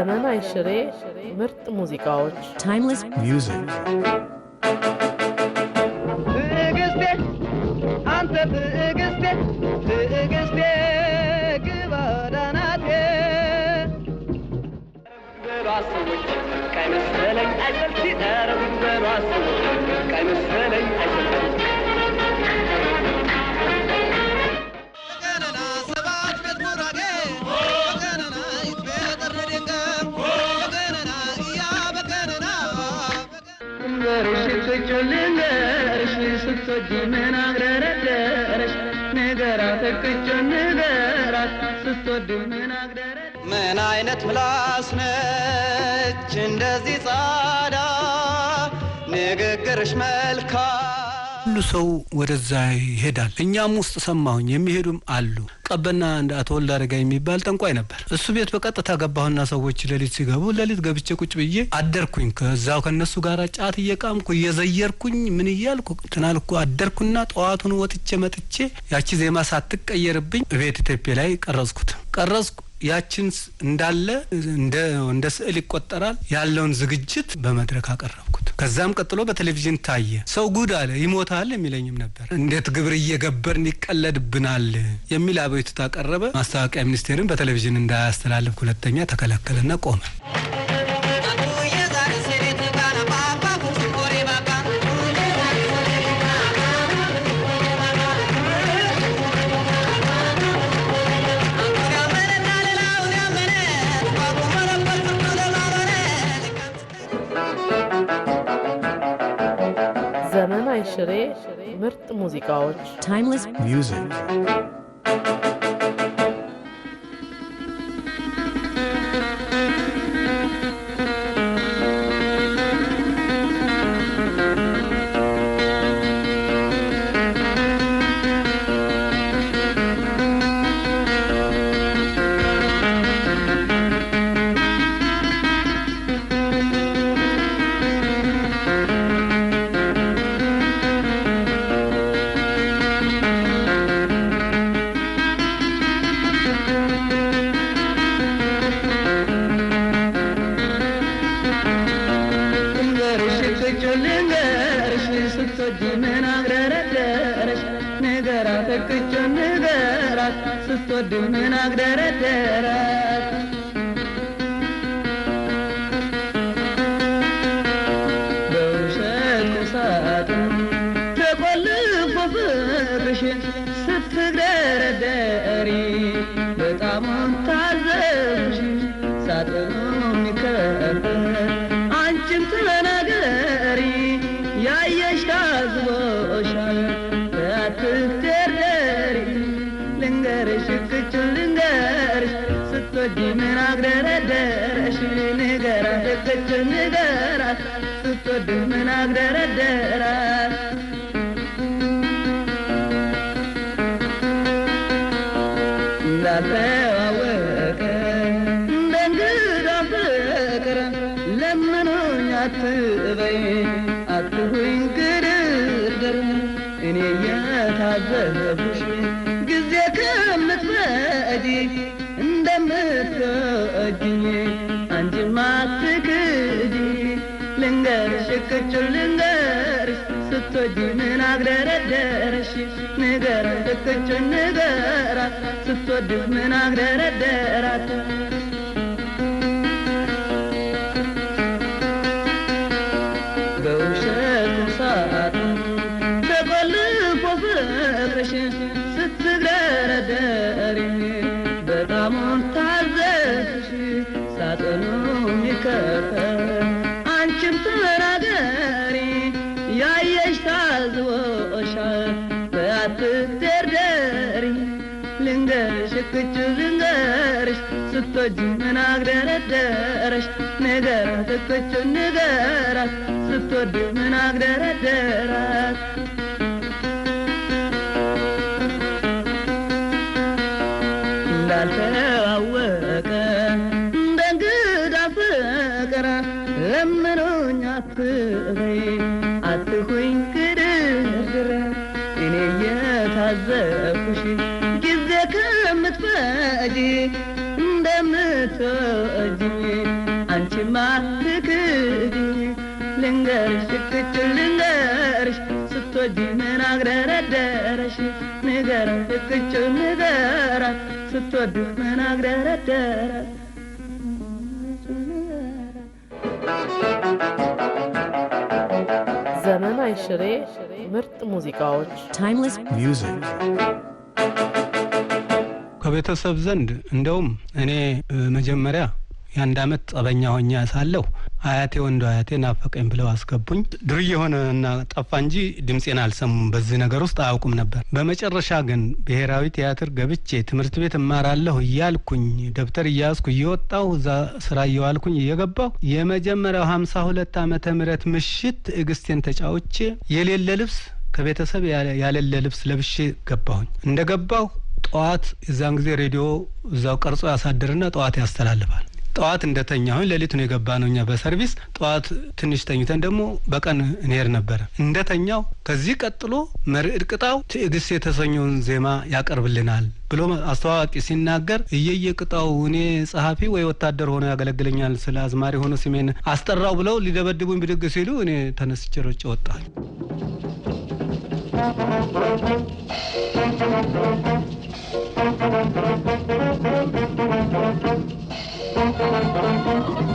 ዘመን አይሽሬ ምርጥ ሙዚቃዎች ታይምለስ ሚውዚክ ትዕግስቴ አንተ ትዕግስቴ ትዕግስቴ ግባ ዳናቴ ቀይ መሰለኝ አይሰልቺ ቀይ መሰለኝ አይሰልቺ ስምህን አግደረደረች ንገራት እቅጩን ንገራት ስትወድ ምን አግደረደ ምን አይነት ምላስ ነች እንደዚህ ጻዳ ንግግርሽ መልካም ሁሉ ሰው ወደዛ ይሄዳል። እኛም ውስጥ ሰማሁኝ የሚሄዱም አሉ። ቀበና እንደ አቶ ወልድ አረጋ የሚባል ጠንቋይ ነበር። እሱ ቤት በቀጥታ ገባሁና ሰዎች ሌሊት ሲገቡ ሌሊት ገብቼ ቁጭ ብዬ አደርኩኝ። ከዛው ከነሱ ጋር ጫት እየቃምኩ እየዘየርኩኝ ምን እያልኩ ትናልኩ አደርኩና ጠዋቱን ወጥቼ መጥቼ ያቺ ዜማ ሳትቀየርብኝ ቤት ኢትዮጵያ ላይ ቀረጽኩት ቀረጽኩ ያችን እንዳለ እንደ ስዕል ይቆጠራል ያለውን ዝግጅት በመድረክ አቀረብኩት። ከዛም ቀጥሎ በቴሌቪዥን ታየ። ሰው ጉድ አለ፣ ይሞታል የሚለኝም ነበር። እንዴት ግብር እየገበርን ይቀለድብናል የሚል አቤቱታ ቀረበ። ማስታወቂያ ሚኒስቴርን በቴሌቪዥን እንዳያስተላልፍ ሁለተኛ ተከለከለና ቆመ። ሰናይ ሽሬ ምርጥ ሙዚቃዎች ወዱ ምን በውሸት ሳጥን ተቆልፎ ፍቅርሽን ስትወድምን አግደረደረሽ ንገራት ደገች ንገራት አግደረደራት እንዳልተዋወቀ እንደ እንግዳ ፍቅር አትበይ አትሁኝ እኔ እየታዘብኩሽ ልትከጂኝ አንቺማ አትክጂኝ ልንገርሽ ቅጩን ልንገርሽ ስትወጂ ምን አግደረደረሽ ንገረን ቅጩን ንገራት ስትወድፍ ምን አግደረደራት ልጆች ምናግ ደረደረሽ ንገራት እኮቹን ንገራት ስትወድ ምናግ ደረደራት እንዳልተዋወቀ እንደ እንግዳ ፍቅራ ለምኖኝ አትበይ አትሁኝ ክድርድረ እኔ እየታዘብኩሽ ጊዜ ከምትፈጂ ከእጅ አንቺ ማልክድ ልንገርሽ ትክክል ልንገርሽ ስትወጂ ምን አግረረደረሽ ንገር ትክክል ንገራ ስትወዱ ምን አግረረደረ ዘመን አይሽሬ ምርጥ ሙዚቃዎች ታይምለስ ሚውዚክ ከቤተሰብ ዘንድ እንደውም እኔ መጀመሪያ የአንድ አመት ጸበኛ ሆኛ ሳለሁ አያቴ ወንዶ አያቴ ናፈቀኝ ብለው አስገቡኝ። ድር የሆነና ጠፋ እንጂ ድምፄን አልሰሙም። በዚህ ነገር ውስጥ አያውቁም ነበር። በመጨረሻ ግን ብሔራዊ ቲያትር ገብቼ ትምህርት ቤት እማራለሁ እያልኩኝ ደብተር እያያዝኩ እየወጣሁ እዛ ስራ እየዋልኩኝ እየገባሁ የመጀመሪያው ሀምሳ ሁለት አመተ ምህረት ምሽት እግስቴን ተጫውቼ የሌለ ልብስ ከቤተሰብ ያለለ ልብስ ለብሼ ገባሁኝ። እንደ ገባሁ ጠዋት የዛን ጊዜ ሬዲዮ እዛው ቀርጾ ያሳድርና ጠዋት ያስተላልፋል። ጠዋት እንደተኛ ሁን ሌሊት ነው የገባ ነው እኛ በሰርቪስ ጠዋት ትንሽ ተኝተን ደግሞ በቀን እንሄድ ነበረ። እንደተኛው ከዚህ ቀጥሎ መርዕድ ቅጣው ትዕግስት የተሰኘውን ዜማ ያቀርብልናል ብሎ አስተዋዋቂ ሲናገር እየየ ቅጣው እኔ ጸሐፊ ወይ ወታደር ሆኖ ያገለግለኛል ስለ አዝማሪ ሆኖ ስሜን አስጠራው ብለው ሊደበድቡኝ ብድግ ሲሉ እኔ ተነስቼ ሮጬ ወጣል። Thank you.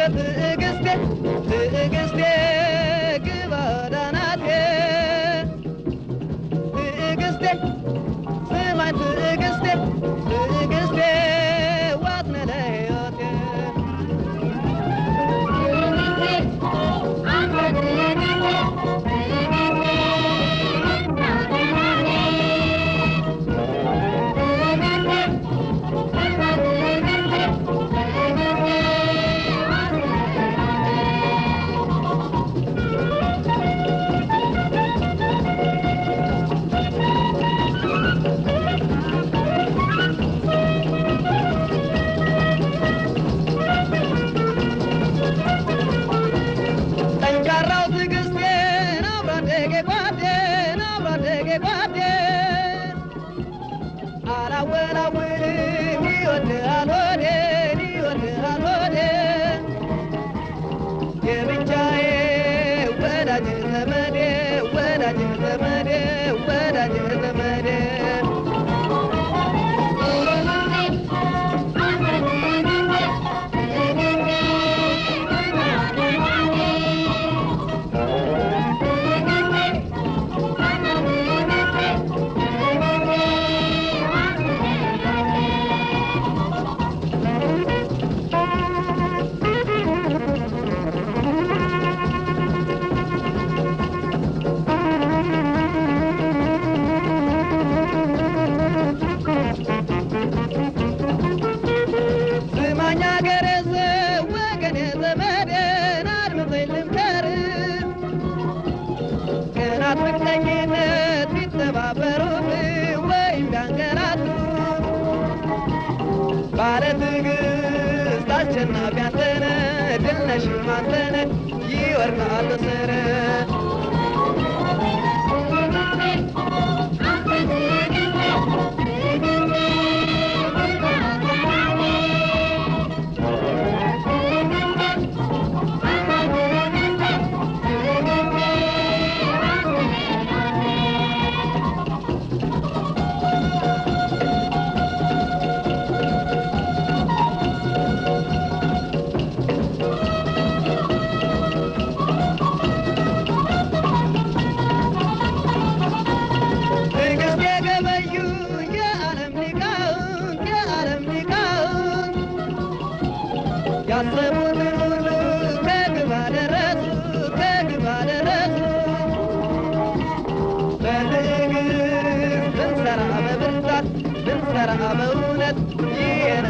that the ورنا على سرير ذكر أبونا جينا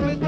with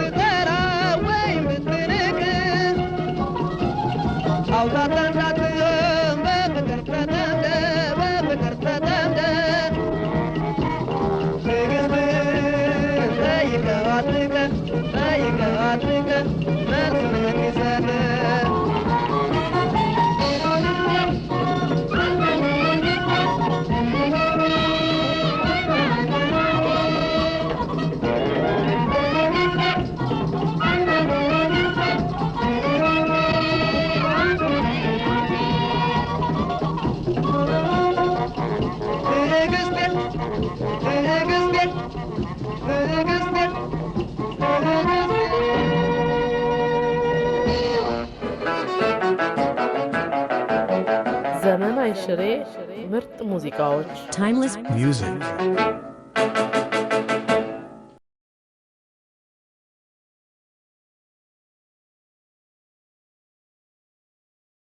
ምርጥ ሙዚቃዎች ታይምለስ ሚውዚክ